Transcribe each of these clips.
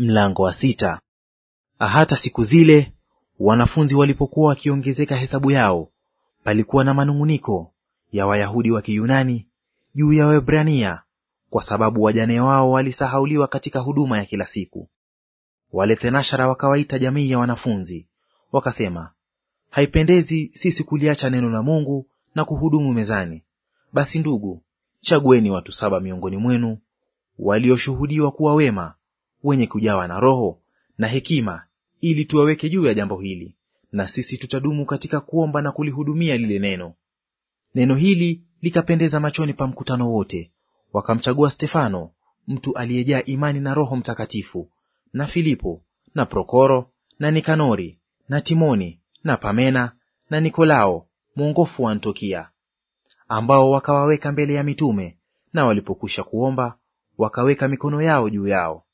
Mlango wa sita. Hata siku zile wanafunzi walipokuwa wakiongezeka hesabu yao, palikuwa na manung'uniko ya Wayahudi wa Kiyunani juu ya Waebrania, kwa sababu wajane wao walisahauliwa katika huduma ya kila siku. Wale thenashara wakawaita jamii ya wanafunzi, wakasema, haipendezi sisi kuliacha neno la Mungu na kuhudumu mezani. Basi ndugu, chagueni watu saba miongoni mwenu walioshuhudiwa kuwa wema wenye kujawa na roho na hekima, ili tuwaweke juu ya jambo hili, na sisi tutadumu katika kuomba na kulihudumia lile neno. Neno hili likapendeza machoni pa mkutano wote. Wakamchagua Stefano, mtu aliyejaa imani na Roho Mtakatifu, na Filipo na Prokoro na Nikanori na Timoni na Pamena na Nikolao mwongofu wa Antiokia, ambao wakawaweka mbele ya mitume, na walipokwisha kuomba wakaweka mikono yao juu yao.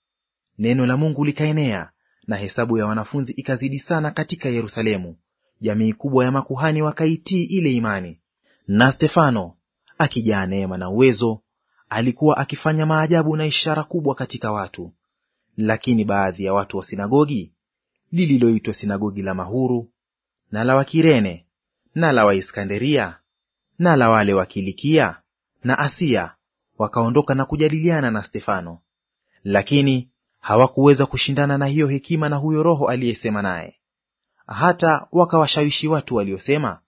Neno la Mungu likaenea na hesabu ya wanafunzi ikazidi sana katika Yerusalemu. Jamii kubwa ya makuhani wakaitii ile imani. Na Stefano, akijaa neema na uwezo, alikuwa akifanya maajabu na ishara kubwa katika watu. Lakini baadhi ya watu wa sinagogi lililoitwa sinagogi la mahuru na la Wakirene na la Waiskanderia na la wale wa Kilikia na Asia wakaondoka na kujadiliana na Stefano. Lakini hawakuweza kushindana na hiyo hekima na huyo Roho aliyesema naye, hata wakawashawishi watu waliosema,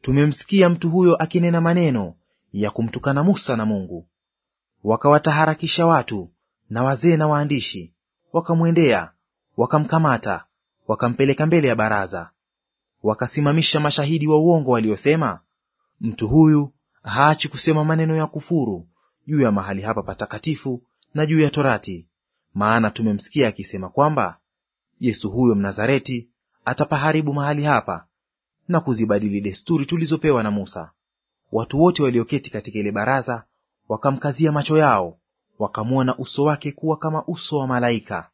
tumemsikia mtu huyo akinena maneno ya kumtukana Musa na Mungu. Wakawataharakisha watu na wazee na waandishi, wakamwendea, wakamkamata, wakampeleka mbele ya baraza. Wakasimamisha mashahidi wa uongo waliosema, mtu huyu haachi kusema maneno ya kufuru juu ya mahali hapa patakatifu na juu ya Torati, maana tumemsikia akisema kwamba Yesu huyo Mnazareti atapaharibu mahali hapa na kuzibadili desturi tulizopewa na Musa. Watu wote walioketi katika ile baraza wakamkazia macho yao, wakamwona uso wake kuwa kama uso wa malaika,